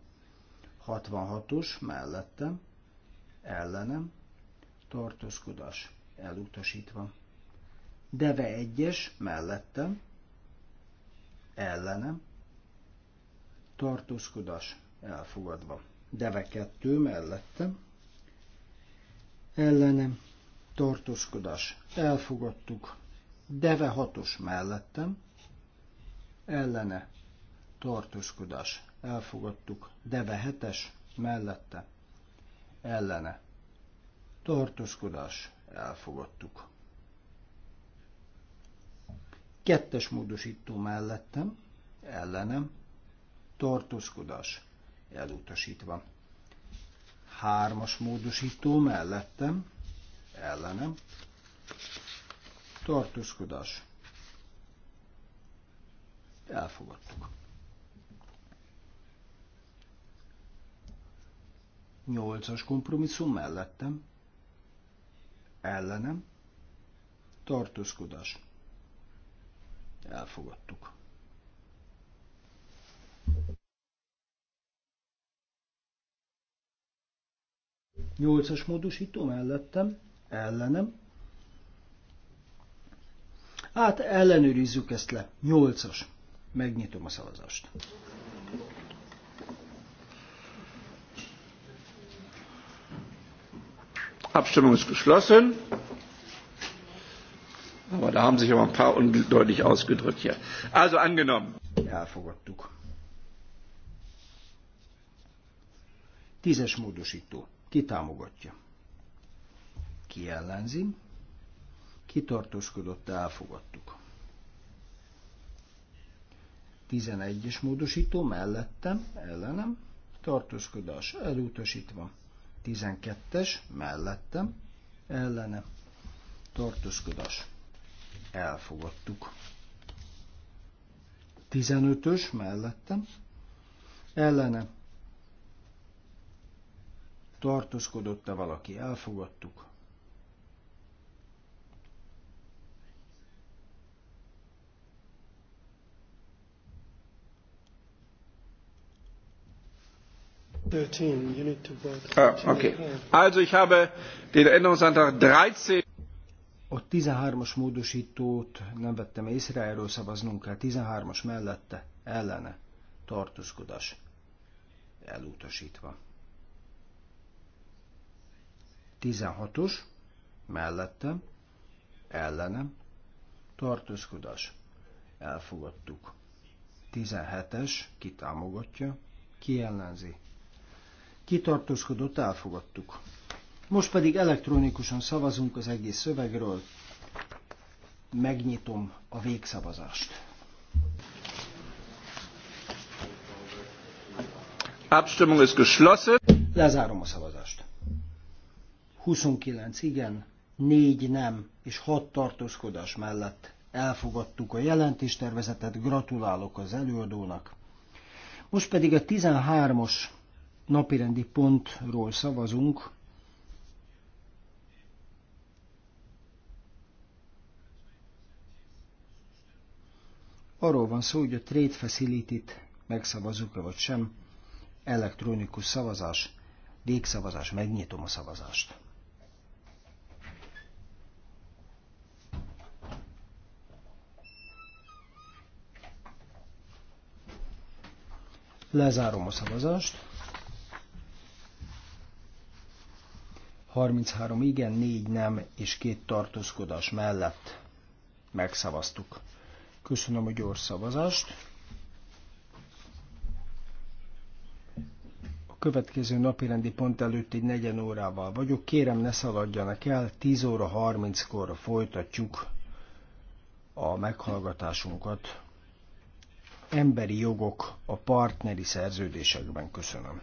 66-os mellette, ellenem, tartózkodás elutasítva. Deve 1-es mellettem, ellenem, tartózkodás elfogadva. Deve 2 mellettem, ellenem, tartózkodás elfogadtuk. Deve hatos mellettem, ellene tartózkodás, elfogadtuk. Deve hetes mellette, ellene tartózkodás, elfogadtuk. Kettes módosító mellettem, ellenem, tartózkodás, elutasítva. Hármas módosító mellettem, ellenem, tartózkodás. Elfogadtuk. 8-as kompromisszum mellettem, ellenem, tartózkodás. Elfogadtuk. Nyolcas módosító mellettem, ellenem, Hát ellenőrizzük ezt le. Nyolcas. Megnyitom a szavazást. Abstimmung ist geschlossen. Aber da haben sich aber ein paar undeutlich ausgedrückt hier. Also angenommen. Ja, Elfogadtuk. Tízes módosító. Ki támogatja? Ki ellenzi? kitartóskodott, elfogadtuk. 11-es módosító mellettem, ellenem, tartózkodás elutasítva. 12-es mellettem, ellene, tartózkodás elfogadtuk. 15-ös mellettem, ellene, tartózkodott-e valaki, elfogadtuk. 13, you need to vote. Ah, okay. Also ich habe den Änderungsantrag 13. A 13-as módosítót nem vettem észre, erről szavaznunk kell. 13-as mellette, ellene, tartózkodás, elutasítva. 16-os, mellette, ellene, tartózkodás, elfogadtuk. 17-es, kitámogatja, kiellenzi kitartóskodott, elfogadtuk. Most pedig elektronikusan szavazunk az egész szövegről. Megnyitom a végszavazást. Abstimmung ist geschlossen. Lezárom a szavazást. 29 igen, 4 nem és 6 tartózkodás mellett elfogadtuk a jelentéstervezetet, gratulálok az előadónak. Most pedig a 13 os napirendi pontról szavazunk, Arról van szó, hogy a trade facility megszavazzuk-e vagy sem. Elektronikus szavazás, végszavazás, megnyitom a szavazást. Lezárom a szavazást. 33 igen, 4 nem és két tartózkodás mellett megszavaztuk. Köszönöm a gyors szavazást. A következő napirendi pont előtt egy negyen órával vagyok. Kérem, ne szaladjanak el, 10 óra 30-kor folytatjuk a meghallgatásunkat. Emberi jogok a partneri szerződésekben. Köszönöm.